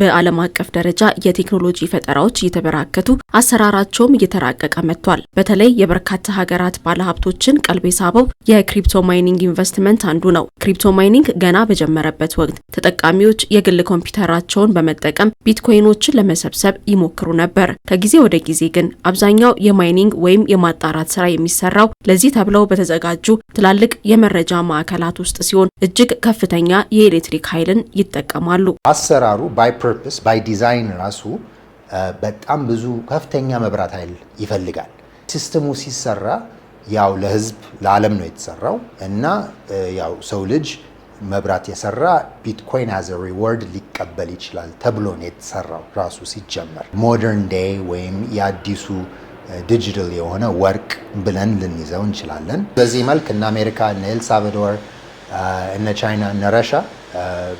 በዓለም አቀፍ ደረጃ የቴክኖሎጂ ፈጠራዎች እየተበራከቱ አሰራራቸውም እየተራቀቀ መጥቷል። በተለይ የበርካታ ሀገራት ባለሀብቶችን ቀልብ የሳበው የክሪፕቶ ማይኒንግ ኢንቨስትመንት አንዱ ነው። ክሪፕቶ ማይኒንግ ገና በጀመረበት ወቅት ተጠቃሚዎች የግል ኮምፒውተራቸውን በመጠቀም ቢትኮይኖችን ለመሰብሰብ ይሞክሩ ነበር። ከጊዜ ወደ ጊዜ ግን አብዛኛው የማይኒንግ ወይም የማጣራት ስራ የሚሰራው ለዚህ ተብለው በተዘጋጁ ትላልቅ የመረጃ ማዕከላት ውስጥ ሲሆን እጅግ ከፍተኛ የኤሌክትሪክ ኃይልን ይጠቀማሉ። አሰራሩ ፐርፐስ ባይ ዲዛይን ራሱ በጣም ብዙ ከፍተኛ መብራት ኃይል ይፈልጋል። ሲስተሙ ሲሰራ ያው ለህዝብ ለዓለም ነው የተሰራው እና ያው ሰው ልጅ መብራት የሰራ ቢትኮይን አዘ ሪዋርድ ሊቀበል ይችላል ተብሎ ነው የተሰራው ራሱ ሲጀመር። ሞደርን ዴይ ወይም የአዲሱ ዲጂታል የሆነ ወርቅ ብለን ልንይዘው እንችላለን። በዚህ መልክ እነ አሜሪካ፣ እነ ኤልሳልቫዶር፣ እነ ቻይና፣ እነ ረሻ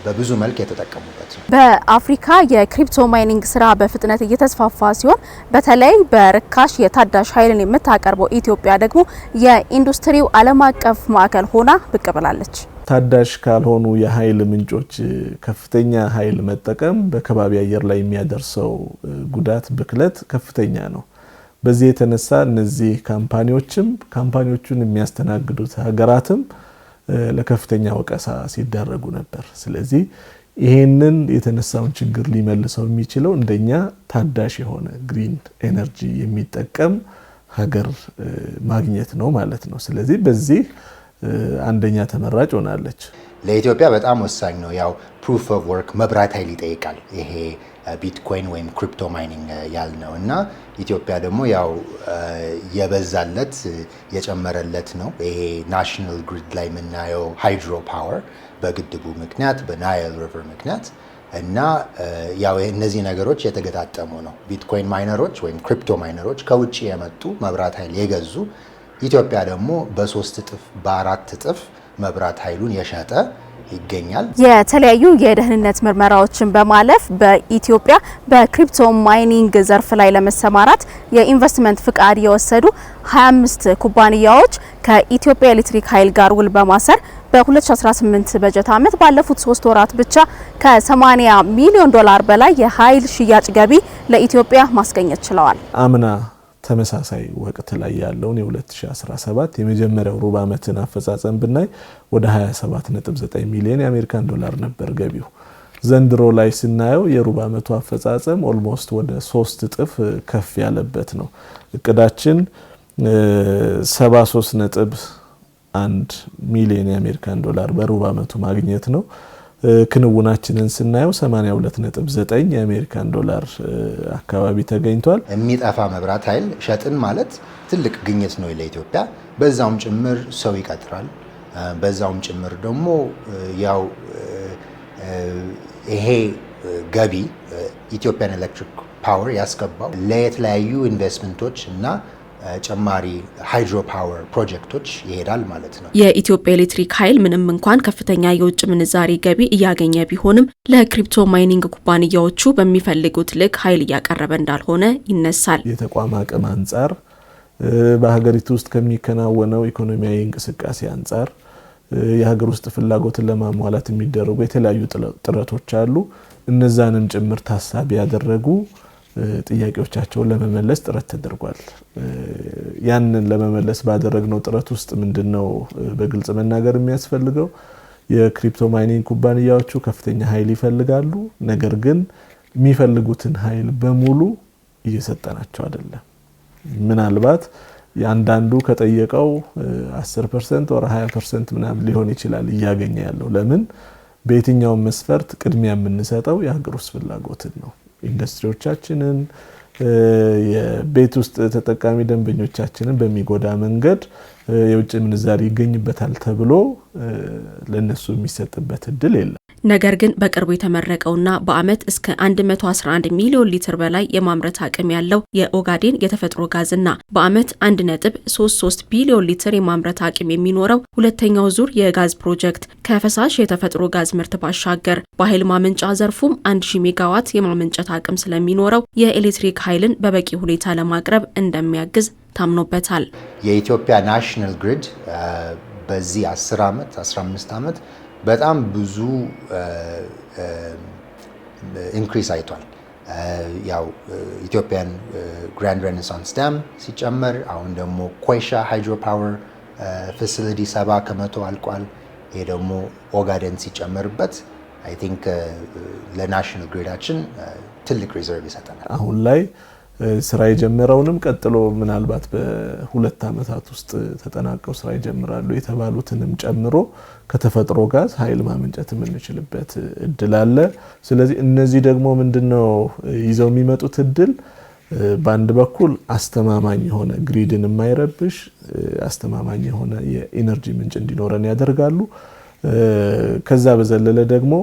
በብዙ መልክ የተጠቀሙበት ነው። በአፍሪካ የክሪፕቶ ማይኒንግ ስራ በፍጥነት እየተስፋፋ ሲሆን በተለይ በርካሽ የታዳሽ ኃይልን የምታቀርበው ኢትዮጵያ ደግሞ የኢንዱስትሪው ዓለም አቀፍ ማዕከል ሆና ብቅ ብላለች። ታዳሽ ካልሆኑ የኃይል ምንጮች ከፍተኛ ኃይል መጠቀም በከባቢ አየር ላይ የሚያደርሰው ጉዳት ብክለት ከፍተኛ ነው። በዚህ የተነሳ እነዚህ ካምፓኒዎችም ካምፓኒዎቹን የሚያስተናግዱት ሀገራትም ለከፍተኛ ወቀሳ ሲዳረጉ ነበር። ስለዚህ ይሄንን የተነሳውን ችግር ሊመልሰው የሚችለው እንደኛ ታዳሽ የሆነ ግሪን ኤነርጂ የሚጠቀም ሀገር ማግኘት ነው ማለት ነው። ስለዚህ በዚህ አንደኛ ተመራጭ ሆናለች። ለኢትዮጵያ በጣም ወሳኝ ነው። ያው ፕሩፍ ኦፍ ወርክ መብራት ኃይል ይጠይቃል ይሄ ቢትኮይን ወይም ክሪፕቶ ማይኒንግ ያልነው እና ኢትዮጵያ ደግሞ ያው የበዛለት የጨመረለት ነው። ይሄ ናሽናል ግሪድ ላይ የምናየው ሃይድሮ ፓወር በግድቡ ምክንያት በናይል ሪቨር ምክንያት እና ያው እነዚህ ነገሮች የተገጣጠሙ ነው። ቢትኮይን ማይነሮች ወይም ክሪፕቶ ማይነሮች ከውጭ የመጡ መብራት ኃይል የገዙ ኢትዮጵያ ደግሞ በሶስት እጥፍ በአራት እጥፍ መብራት ኃይሉን የሸጠ ይገኛል። የተለያዩ የደህንነት ምርመራዎችን በማለፍ በኢትዮጵያ በክሪፕቶ ማይኒንግ ዘርፍ ላይ ለመሰማራት የኢንቨስትመንት ፍቃድ የወሰዱ 25 ኩባንያዎች ከኢትዮጵያ ኤሌክትሪክ ኃይል ጋር ውል በማሰር በ2018 በጀት ዓመት ባለፉት ሶስት ወራት ብቻ ከ80 ሚሊዮን ዶላር በላይ የኃይል ሽያጭ ገቢ ለኢትዮጵያ ማስገኘት ችለዋል። አምና ተመሳሳይ ወቅት ላይ ያለውን የ2017 የመጀመሪያው ሩብ ዓመትን አፈጻጸም ብናይ ወደ 279 ሚሊዮን የአሜሪካን ዶላር ነበር ገቢው። ዘንድሮ ላይ ስናየው የሩብ ዓመቱ አፈጻጸም ኦልሞስት ወደ ሶስት እጥፍ ከፍ ያለበት ነው። እቅዳችን 73 ነጥብ አንድ ሚሊዮን የአሜሪካን ዶላር በሩብ ዓመቱ ማግኘት ነው። ክንውናችንን ስናየው 82.9 የአሜሪካን ዶላር አካባቢ ተገኝቷል። የሚጠፋ መብራት ኃይል ሸጥን ማለት ትልቅ ግኝት ነው ለኢትዮጵያ። በዛውም ጭምር ሰው ይቀጥራል። በዛውም ጭምር ደግሞ ያው ይሄ ገቢ ኢትዮጵያን ኤሌክትሪክ ፓወር ያስገባው ለተለያዩ ኢንቨስትመንቶች እና ጨማሪ ሃይድሮ ፓወር ፕሮጀክቶች ይሄዳል ማለት ነው። የኢትዮጵያ ኤሌክትሪክ ኃይል ምንም እንኳን ከፍተኛ የውጭ ምንዛሬ ገቢ እያገኘ ቢሆንም ለክሪፕቶ ማይኒንግ ኩባንያዎቹ በሚፈልጉት ልክ ኃይል እያቀረበ እንዳልሆነ ይነሳል። የተቋም አቅም አንጻር፣ በሀገሪቱ ውስጥ ከሚከናወነው ኢኮኖሚያዊ እንቅስቃሴ አንጻር የሀገር ውስጥ ፍላጎትን ለማሟላት የሚደረጉ የተለያዩ ጥረቶች አሉ። እነዛንም ጭምር ታሳቢ ያደረጉ ጥያቄዎቻቸውን ለመመለስ ጥረት ተደርጓል። ያንን ለመመለስ ባደረግነው ጥረት ውስጥ ምንድን ነው በግልጽ መናገር የሚያስፈልገው የክሪፕቶ ማይኒንግ ኩባንያዎቹ ከፍተኛ ኃይል ይፈልጋሉ። ነገር ግን የሚፈልጉትን ኃይል በሙሉ እየሰጠናቸው አይደለም። ምናልባት አንዳንዱ ከጠየቀው 10 ፐርሰንት 20 ፐርሰንት ምናምን ሊሆን ይችላል እያገኘ ያለው ለምን በየትኛውም መስፈርት ቅድሚያ የምንሰጠው የሀገር ውስጥ ፍላጎትን ነው። ኢንዱስትሪዎቻችንን የቤት ውስጥ ተጠቃሚ ደንበኞቻችንን በሚጎዳ መንገድ የውጭ ምንዛሪ ይገኝበታል ተብሎ ለእነሱ የሚሰጥበት እድል የለም። ነገር ግን በቅርቡ የተመረቀውና በዓመት እስከ 111 ሚሊዮን ሊትር በላይ የማምረት አቅም ያለው የኦጋዴን የተፈጥሮ ጋዝና በዓመት 1.33 ቢሊዮን ሊትር የማምረት አቅም የሚኖረው ሁለተኛው ዙር የጋዝ ፕሮጀክት ከፈሳሽ የተፈጥሮ ጋዝ ምርት ባሻገር በኃይል ማመንጫ ዘርፉም 1000 ሜጋዋት የማመንጨት አቅም ስለሚኖረው የኤሌክትሪክ ኃይልን በበቂ ሁኔታ ለማቅረብ እንደሚያግዝ ታምኖበታል። የኢትዮጵያ ናሽናል ግሪድ በዚህ 10 ዓመት 15 ዓመት በጣም ብዙ ኢንክሪስ አይቷል። ያው ኢትዮጵያን ግራንድ ሬኔሳንስ ዳም ሲጨመር አሁን ደግሞ ኮይሻ ሃይድሮ ፓወር ፋሲሊቲ ሰባ ከመቶ አልቋል። ይሄ ደግሞ ኦጋደን ሲጨመርበት አይ ቲንክ ለናሽናል ግሪዳችን ትልቅ ሪዘርቭ ይሰጠናል አሁን ላይ ስራ የጀመረውንም ቀጥሎ ምናልባት በሁለት አመታት ውስጥ ተጠናቀው ስራ ይጀምራሉ የተባሉትንም ጨምሮ ከተፈጥሮ ጋዝ ኃይል ማመንጨት የምንችልበት እድል አለ። ስለዚህ እነዚህ ደግሞ ምንድነው ይዘው የሚመጡት እድል በአንድ በኩል አስተማማኝ የሆነ ግሪድን የማይረብሽ አስተማማኝ የሆነ የኢነርጂ ምንጭ እንዲኖረን ያደርጋሉ። ከዛ በዘለለ ደግሞ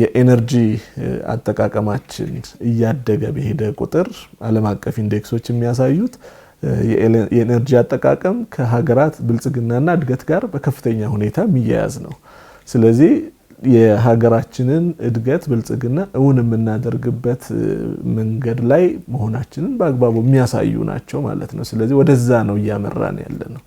የኤነርጂ አጠቃቀማችን እያደገ በሄደ ቁጥር ዓለም አቀፍ ኢንዴክሶች የሚያሳዩት የኤነርጂ አጠቃቀም ከሀገራት ብልጽግናና እድገት ጋር በከፍተኛ ሁኔታ የሚያያዝ ነው። ስለዚህ የሀገራችንን እድገት ብልጽግና እውን የምናደርግበት መንገድ ላይ መሆናችንን በአግባቡ የሚያሳዩ ናቸው ማለት ነው። ስለዚህ ወደዛ ነው እያመራን ያለ ነው።